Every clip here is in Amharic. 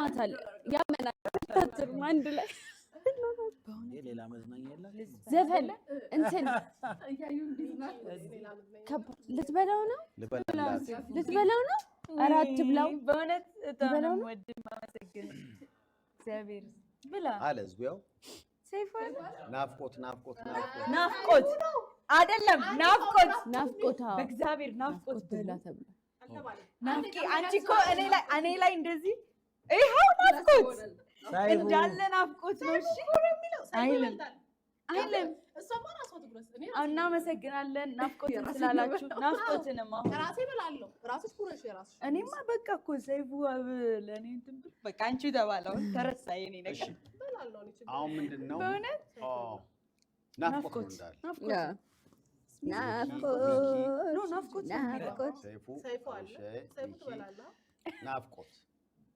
ያማታል፣ ያመናል። አንድ ላይ ሌላ መዝናኛ ዘፈን እንትን ልትበላው ነው ልትበላው ነው። አራት ብላው በእውነት በላው ወድም አመሰግን እግዚአብሔር ብላ አለ ህዝቡ ያው ናፍቆት ናፍቆት ናፍቆት አይደለም ናፍቆት ናፍቆት በእግዚአብሔር ናፍቆት ብላ ተብሎ ናፍቄ አንቺ እኮ እኔ ላይ እንደዚህ ይኸው ናፍቆት እንዳለ ናፍቆት ነው። እሺ እናመሰግናለን። ናፍቆት ስላላችሁ ናፍቆትንም እኔማ በቃ እኮ ሰይፉ ለእኔ እንትን በቃ አንቺ ተረሳ ነገር አሁን ምንድን ነው በእውነት ናፍቆት ናፍቆት ናፍቆት ናፍቆት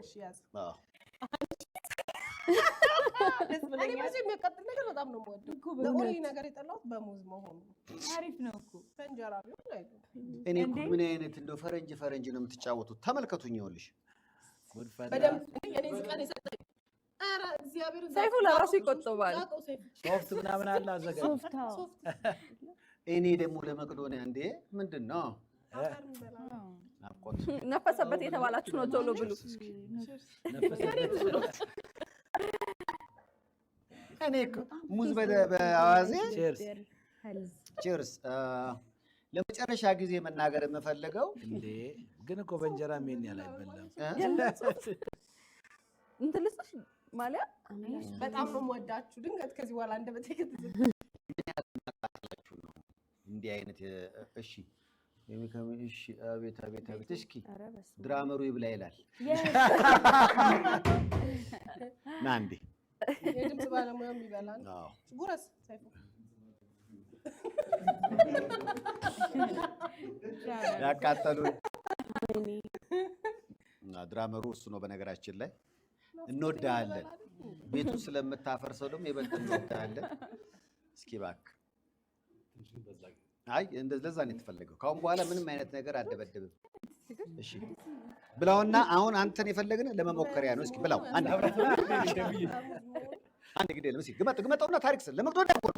እሺ ያዝ። እኔ በዚህ የሚያቃጥል ነገር በጣም ነው የምወደው። ኦንሊ ነገር የጠላሁት በሙዝ መሆኑ አሪፍ ነው እኮ በእንጀራ ቢሆን አይደል? እኔ እኮ ምን አይነት እንደው ፈረንጅ ፈረንጅ ነው የምትጫወቱት። ተመልከቱኝ፣ ይኸውልሽ ሰይፉ ለራሱ ይቆጥባል። ሶፍት ምናምን አለ አዘጋጅ። እኔ ደግሞ ለመቅዶኒያ እንዴ ምንድን ነው ነፈሰበት የተባላችሁ ነው። ቶሎ ብሉ። እኔ ሙዝ በአዋዜ ቺርስ። ለመጨረሻ ጊዜ መናገር የምፈልገው ግን እኮ በእንጀራ ሜን ያህል አይበላም። እንትን ማሊያ በጣም ነው የምወዳችሁ። ድንገት ከዚህ በኋላ እንደበተገት እንዲህ አይነት እሺ እሺ አቤት አቤት አቤት። እስኪ ድራመሩ ይብላ ይላል። ና እንዴ የድምፅ ባለሙያም ይበላል። ጉረስ ድራመሩ እሱ ነው። በነገራችን ላይ እንወዳለን ቤቱን ስለምታፈርሰው ደግሞ የበለጠ እስኪ እባክህ አይ እንደዛ ነው የተፈለገው። ካሁን በኋላ ምንም አይነት ነገር አደበድብም። እሺ ብላውና አሁን አንተን የፈለግን ለመሞከሪያ ነው። እስኪ ብላው አንድ አንድ ግዴ ለምሲ ግመጥ ግመጠውና ታሪክ ስለ ለመቅዶኒያ እኮ ነው።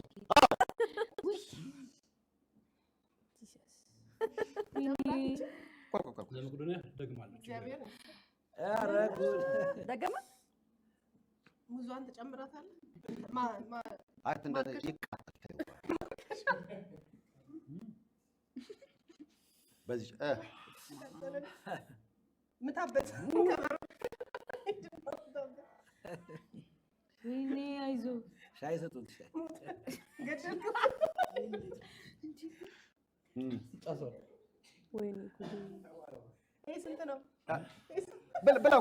ሙዟን ተጨምራታለህ በዚህ ምታበት ወይኔ አይዞ ሻይ ሰጡን ሻይ ወይኔ ብላው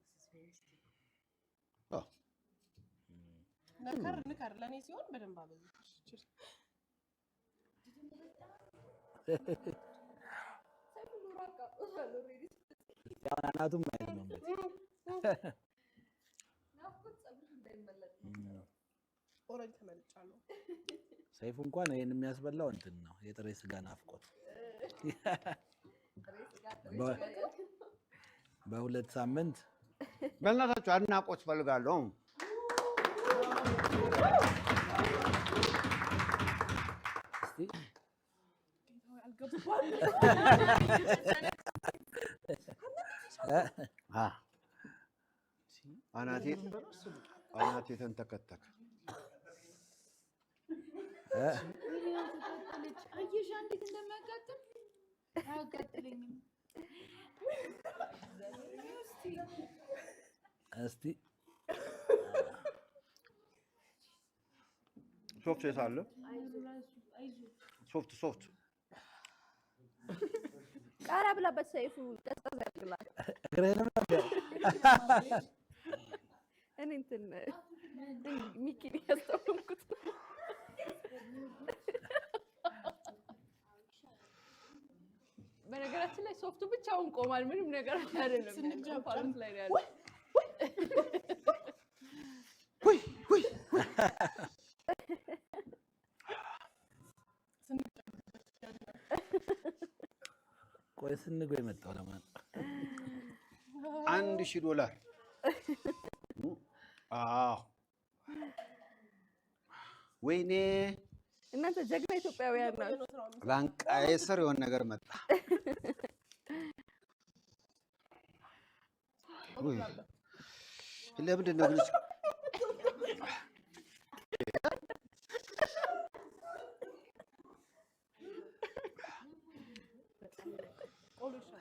ንከር ንከር ለእኔ ሲሆን በደንብ ተመልጫለሁ። ሰይፉ እንኳን ይሄን የሚያስበላው እንትን ነው የጥሬ ስጋ ናፍቆት። በሁለት ሳምንት በእናታችሁ አድናቆት ፈልጋለሁ። አናቴ ተንተከተከ። አየሽ እንዴት እንደሚያጋጥም አያጋጥለኝም። እስቲ ሶፍት የት አለ? ሶፍት ሶፍት ቃሪያ ብላበት ሰይፉ ቀዝቀዝ ያደርግላቸው። እኔ እንትን ሚኪን ያስተውልኩት በነገራችን ላይ ሶፍቱ ብቻውን ቆማል። ምንም ነገር አይደለም። ስንጃፓሉት ቆይ ስንጎ የመጣው ለማን አንድ ሺህ ዶላር አዎ ወይኔ እናንተ ጀግና ኢትዮጵያውያን ናችሁ። ላንቃዬ ስር የሆነ ነገር መጣ። ለምንድን ነው